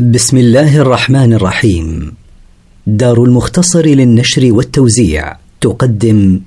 بسم الله الرحمن الرحيم دار المختصر للنشر والتوزيع تقدم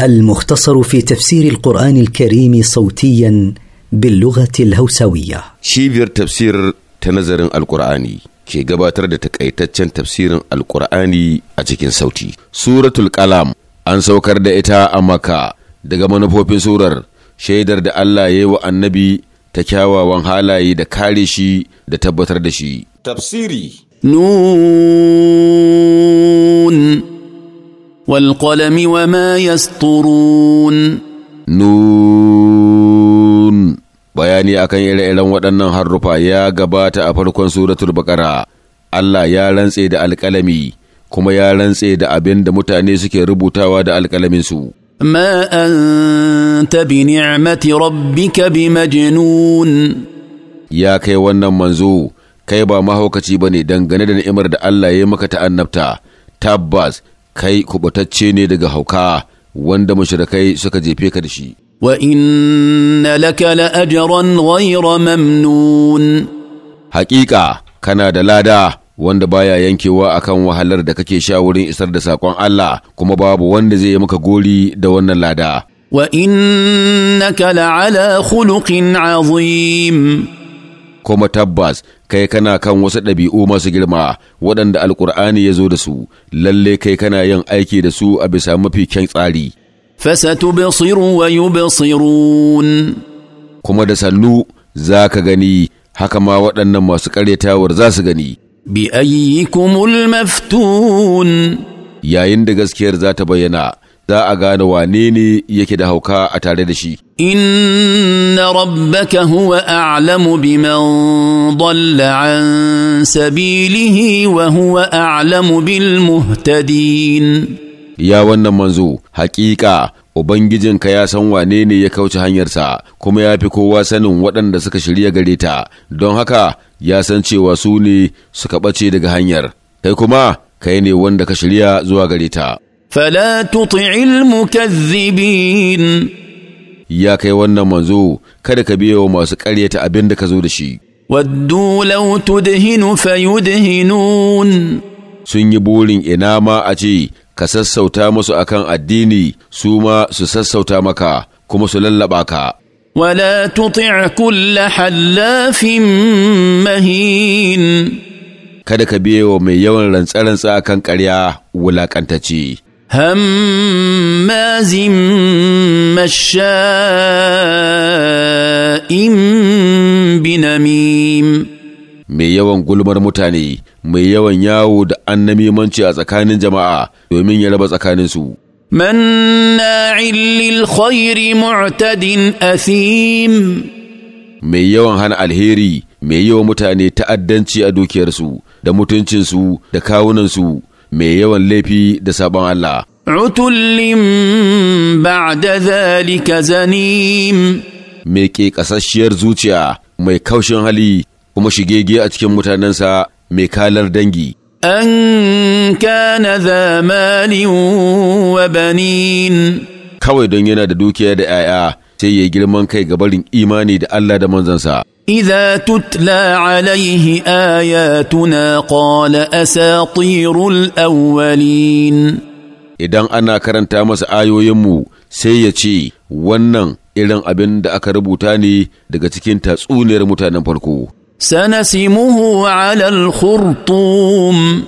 المختصر في تفسير القرآن الكريم صوتيا باللغة الهوسوية شيفير تفسير تنظر القرآني كي قباتر تفسير القرآني أتكين صوتي سورة الكلام أن سوكر دا أمكا دقا منبو بن شيدر دا يو النبي ta kyawawan halaye da kare shi da tabbatar da shi. Tafsiri Nun wa وما يسطرون nun. bayani akan ire-iren waɗannan harrufa ya gabata a farkon suratul baƙara Allah ya rantse da alƙalami kuma ya rantse da abin da mutane suke rubutawa da alƙalaminsu. ما أنت بنعمة ربك بمجنون Ya kai wannan manzo kai ba mahaukaci ba ne, dangane da ni'imar da Allah ya maka ta tabbas kai kubutacce ne daga hauka wanda mushrikai suka jefe ka da shi wa inna laka la ajran ghayra mamnun haƙiƙa kana da lada wanda baya yankewa akan wahalar da kake sha wurin isar da saƙon Allah kuma babu wanda zai yi maka gori da wannan lada. Wa innaka la'ala khuluqin azim. Kuma tabbas kai kana kan wasu ɗabi'u masu girma waɗanda alkur'ani ya zo da su, lalle kai kana yin aiki da su a bisa mafi kyan tsari. basiru wa yubsirun. Kuma da sannu za ka gani haka ma waɗannan masu ƙaryatawar za su gani. بأيكم المفتون yayin da gaskiyar za ta bayyana za a gane wane ne yake da hauka a tare da shi inna rabbaka huwa a'lamu biman dalla an sabilihi wa huwa a'lamu bil muhtadin ya wannan manzo haƙiƙa. Ubangijinka ya san wane ne ya kauce hanyarsa, kuma ya fi kowa sanin waɗanda suka shirya gare ta, don haka ya san cewa su ne suka ɓace daga hanyar, kai kuma kai ne wanda ka shirya zuwa gare ta. Fala tuti'il mukazzibin Ya kai wannan manzo, kada ka biya wa masu ƙaryata abin da ka zo da shi. Waddu lau tudhinu fayudhinun Sun yi burin ina ma a ce ka sassauta musu akan addini su ma su sassauta maka kuma su lallaba ka Wala تطع kulla hallafin mahin kada ka biye wa mai yawan rantsa-rantsa kan ƙarya wulaƙantacce. Hammazin masha'in binamim mai yawan gulmar mutane mai yawan yawo da annamimanci a tsakanin jama'a domin ya raba tsakaninsu مناع للخير معتد asim mai yawan hana alheri mai yawan mutane ta'addanci a dukiyarsu da mutuncinsu da kawunansu mai yawan laifi da sabon Allah. Utullin ba'da zalika zanim mai ke ƙasasshiyar zuciya mai kaushin hali kuma shigege a cikin mutanensa mai kalar dangi. An kana zamanin Kawai don yana da dukiya da ‘ya’ya sai ya yi girman kai ga barin imani da Allah da manzansa. Iza tutla alaihi ayatuna a asatirul awwalin. Idan ana karanta masa ayoyinmu sai ya ce, Wannan irin abin da aka rubuta ne daga cikin tatsuniyar mutanen farko. سنسمه على الخرطوم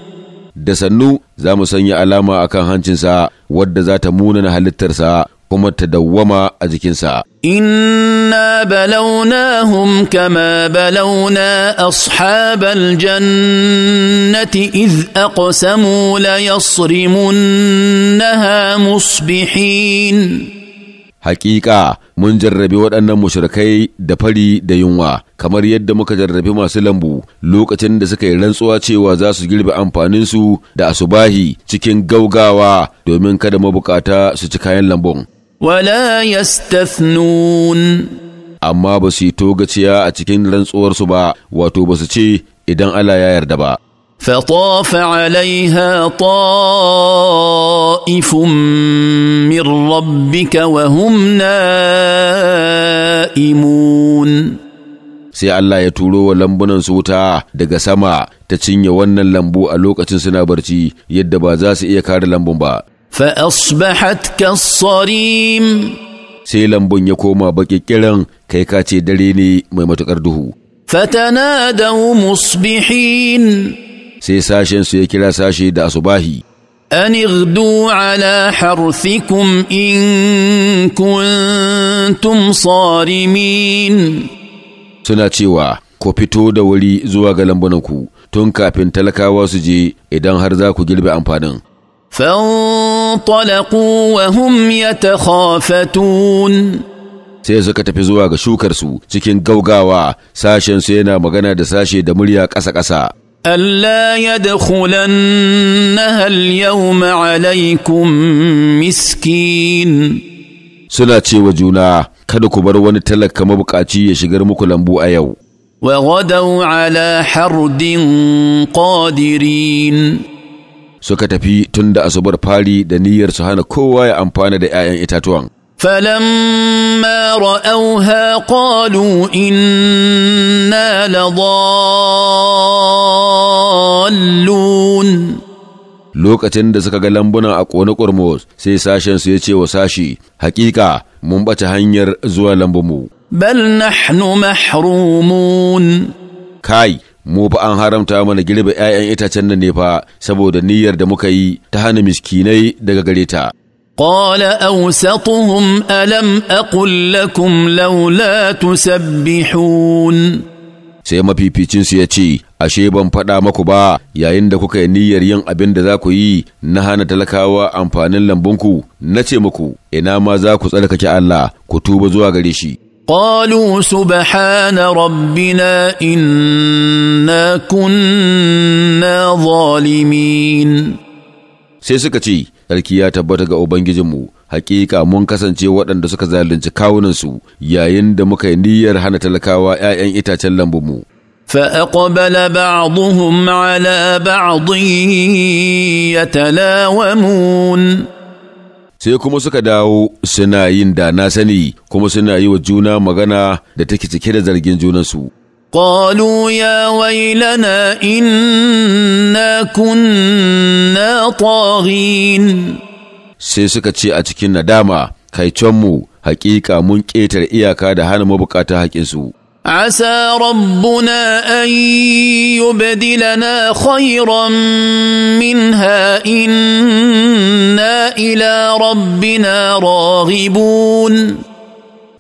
da sannu za mu sanya alama a kan hancinsa wadda za ta munana halittarsa kuma ta dawwama a jikinsa. Inna balawnahum kama balawna ashabal jannati iz aqsamu la yasrimunnaha musbihin. Hakika mun jarrabi waɗannan mushrikai da fari da yunwa kamar yadda muka jarrabi masu lambu lokacin da suka yi rantsuwa cewa za su girbe amfaninsu da asubahi cikin gaugawa domin kada mabukata su ci kayan lambun. Wala yastathnun amma ba su yi togaciya a cikin rantsuwarsu ba wato ba su ce idan Allah ya yarda ba. فطاف عليها طائف من ربك وهم نائمون sai Allah ya turo wa lambunansu wuta daga sama ta cinye wannan lambu a lokacin suna barci yadda ba za su iya kare lambun ba. فأصبحت كالصريم sai lambun ya koma baƙiƙiran kai ka ce dare ne mai matuƙar duhu. فتنادوا مصبحين sai sashen su ya kira sashe da asubahi an igdu ala harfikum in kuntum sarimin suna cewa ku fito da wuri zuwa ga lambunanku tun kafin talakawa su je idan har za ku girbe amfanin فانطلقوا وهم يتخافتون sai suka tafi zuwa ga shukarsu cikin gaugawa sashen su yana magana da sashe da murya ƙasa-ƙasa ألا يدخلنها اليوم عليكم مسكين suna cewa juna kada ku bar wani talaka mabukaci ya shigar muku lambu a yau. Wa ghadau ala hardin qadirin Suka tafi tun da asubar fari da niyyar su hana kowa ya amfana da ‘ya'yan itatuwan. فلما راوها قالوا انا لضالون lokacin da suka ga lambuna a ƙone ƙormos sai sashen su ya ce wa sashi hakika mun ɓace hanyar zuwa lambunmu bal nahnu mahrumun kai mu fa an haramta mana girbe 'ya'yan itacen nan ne fa saboda niyyar da muka yi ta hana miskinai daga gare ta قال اوسطهم الم اقل لكم لولا تسبحون sai su ya ce, Ashe ban faɗa maku ba yayin da kuka yi niyyar yin abin da za ku yi na hana talakawa amfanin lambunku, na ce muku, ina ma za ku tsarkake Allah ku tuba zuwa gare shi. قالوا سبحان ربنا إنا كنا ظالمين sai suka ce tsarki ya tabbata ga Ubangijinmu, hakika mun kasance waɗanda suka zalunci kawunansu yayin da muka yi niyyar hana talakawa ‘ya'yan itacen lambunmu. فأقبل بعضهم على بعض يتلاومون sai kuma suka dawo suna yin da na sani kuma suna yi wa juna magana da take cike da zargin junansu. قالوا ya ويلنا إنا كنا طاغين sai suka ce a cikin nadama kai canmu hakika mun ƙetar iyaka da hana mabukata haƙinsu. Asa rabbuna an yubdilana khairan minha inna ila rabbina ragibun.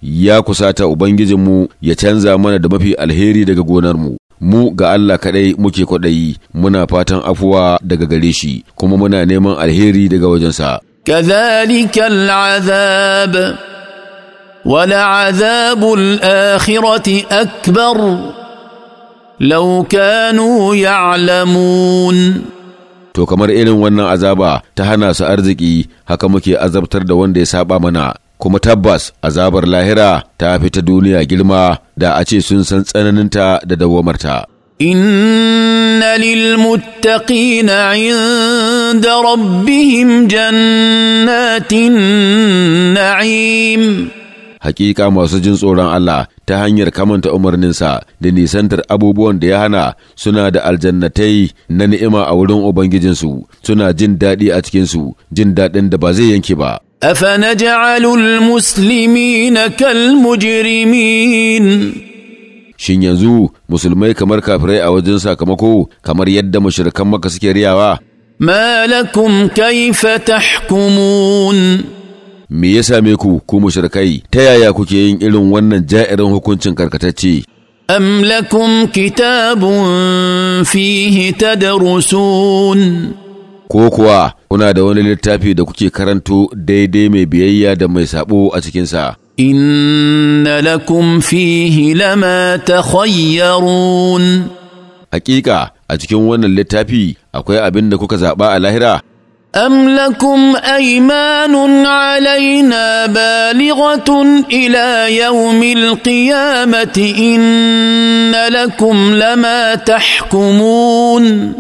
ya kusata Ubangijinmu ya canza mana da mafi alheri daga gonarmu. Mu ga Allah kaɗai muke kwaɗayi, muna fatan afuwa daga gare shi, kuma muna neman alheri daga wajensa. كذلك العذاب ولعذاب الآخرة akbar لو ya to kamar irin wannan azaba ta hana su arziki haka muke azabtar da wanda ya saba mana kuma tabbas azabar lahira ta fi ta duniya girma da a ce sun san tsananinta da dawamarta. إن للمتقين عند ربهم jannatin النعيم hakika masu jin tsoron Allah ta hanyar kamanta umarninsa da nisantar abubuwan da ya hana suna da aljannatai na ni'ima a wurin Ubangijinsu suna jin daɗi a cikinsu jin daɗin da ba zai yanke ba. أفنجعل المسلمين كالمجرمين Shin yanzu musulmai kamar kafirai a wajen sakamako kamar yadda mashirkan maka suke riyawa? ما لكم كيف hukumun. me ya same ku ku mushrikai ta yaya kuke yin irin wannan ja'irin hukuncin karkatacce am lakum kitabun fihi tadrusun ko kuwa kuna da wani littafi da kuke karanto daidai mai biyayya da mai sabo a cikinsa. Inna lakum fihi lama takhayyarun. Hakika a cikin wannan littafi akwai abin da kuka zaɓa a lahira أم لكم أيمان علينا بالغة إلى يوم القيامة إن لكم لما تحكمون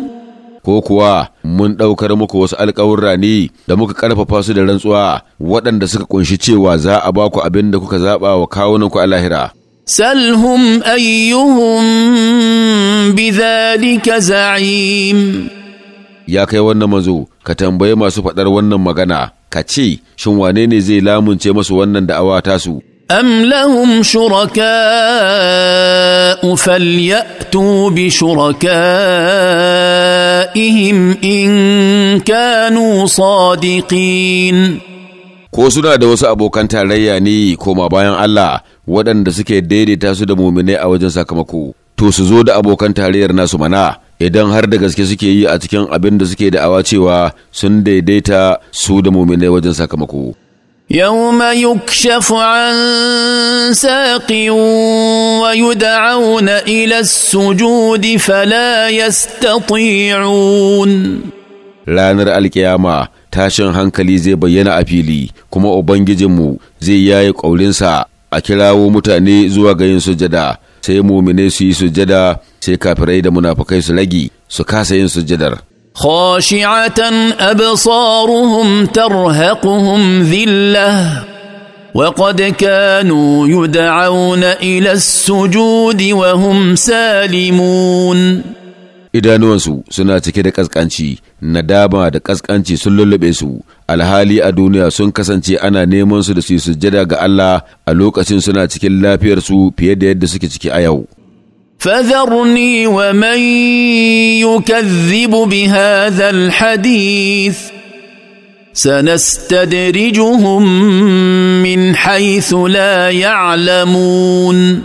ko kuwa mun ɗaukar muku wasu alƙawurra ne da muka ƙarfafa su da rantsuwa waɗanda suka ƙunshi cewa za a ba ku abin da kuka zaɓa wa kawunanku a lahira. Salhum ayyuhum bi zalika za'im. Ya kai wannan mazo. ka tambayi masu faɗar wannan magana ka ce shin wane ne zai lamunce masu wannan da'awa tasu أم لهم شركاء فليأتوا بشركائهم إن كانوا صادقين ko suna da wasu abokan tarayya ne koma bayan Allah waɗanda suke daidaita su da muminai a wajen sakamako to su zo da abokan tarayyar nasu mana idan har da gaske suke yi a cikin abin da suke da'awa cewa sun daidaita su da muminai wajen sakamako. يوم يكشف da'auna ساق ويدعون الى السجود فلا يستطيعون ranar alkiyama tashin hankali zai bayyana a fili kuma ubangijinmu zai yaye ƙaurinsa a kirawo mutane zuwa ga yin sujada sai mumine su yi sujada sai kafirai da munafikai su lagi su kasa yin sujjadar خاشعه ابصارهم ترهقهم ذله وقد كانوا يدعون الى السجود وهم سالمون idanuwansu suna cike da ƙasƙanci nadama da ƙasƙanci sun lullube su alhali a duniya sun kasance ana neman su da su sujjada ga Allah a lokacin suna cikin lafiyar su fiye da yadda suke ciki a yau فذرني ومن يكذب بهذا الحديث سنستدرجهم من حيث لا يعلمون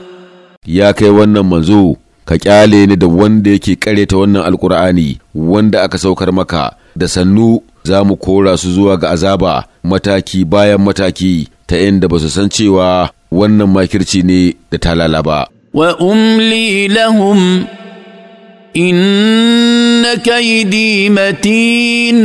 يا كي wannan manzo ka kyale ni da wanda yake ta wannan alkur'ani wanda aka saukar maka da sannu za mu kora su zuwa ga azaba mataki bayan mataki ta inda ba su san cewa wannan makirci ne da talala ba wa umli lahum inna kaidi matin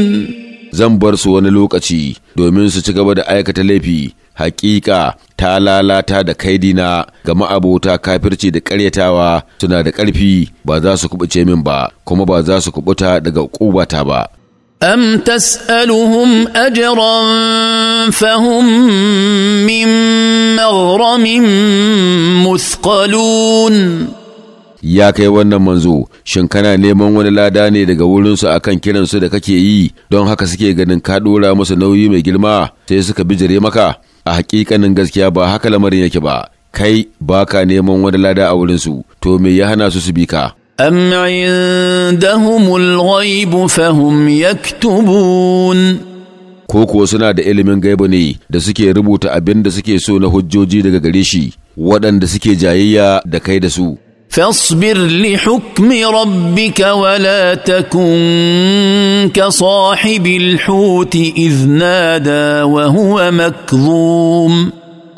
zan bar su wani lokaci domin su ci gaba da aikata laifi hakika ta lalata da kaidina ga ma'abota kafirci da karyatawa suna da ƙarfi ba za su kubuce min ba kuma ba za su kubuta daga ƙubata ba أم تسألهم أجرا فهم من مغرم مثقلون ya kai wannan manzo shin kana neman wani lada ne daga wurinsu a kan kiransu da kake yi don haka suke ganin ka ɗora musu nauyi mai girma sai suka bijire maka a hakikanin gaskiya ba haka lamarin yake ba kai baka neman wani lada a wurinsu to me ya hana su su bi ka أم ko kuwa suna da ilimin gaiba ne da suke rubuta abin da suke so na hujjoji daga gare shi waɗanda suke jayayya da kai da su فاصبر لحكم ربك ولا تكن كصاحب الحوت إذ نادى وهو مكظوم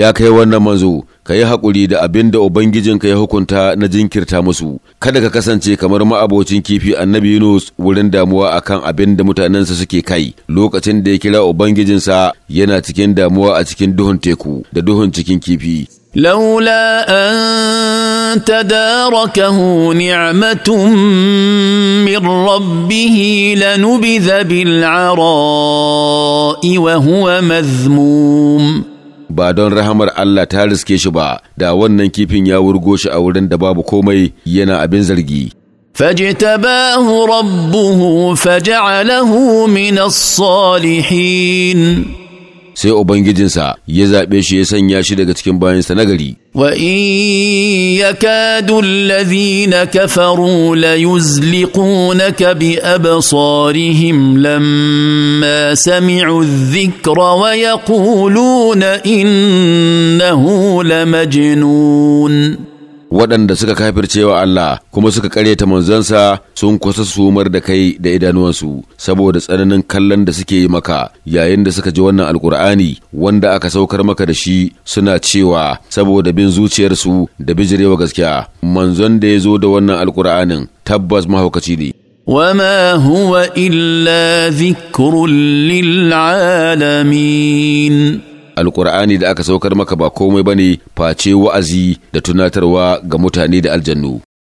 ya kai wannan manzo ka yi haƙuri da abin da Ubangijin ka ya hukunta na jinkirta musu, kada ka kasance kamar ma'abocin kifi annabi Yunus wurin damuwa akan abin da mutanensa suke kai lokacin da ya kira Ubangijinsa yana cikin damuwa a cikin duhun teku da duhun cikin kifi. Laula an تداركه نعمه من ربه لنبذ بالعراء وهو مذموم ba don rahamar Allah ta riske shi ba da wannan kifin ya wurgo shi a wurin da babu komai yana abin zargi فاجتباه ربه فجعله من الصالحين sai ubangijinsa ya zaɓe shi ya sanya shi daga cikin bayansa nagari وإن يكاد الذين كفروا ليزلقونك بأبصارهم لما سمعوا الذكر ويقولون إنه لمجنون waɗanda suka wa Allah kuma suka ta manzansa sun kusa umar da kai da idanuwansu saboda tsananin kallon da suke yi maka yayin da suka ji wannan alkur'ani wanda aka saukar maka da shi suna cewa saboda bin zuciyarsu da bijirewa gaskiya manzon da ya zo da wannan alkur'anin tabbas mahaukaci ne وما هو الا ذكر للعالمين alkur'ani da aka saukar maka ba komai bane face wa'azi da tunatarwa ga mutane da aljannu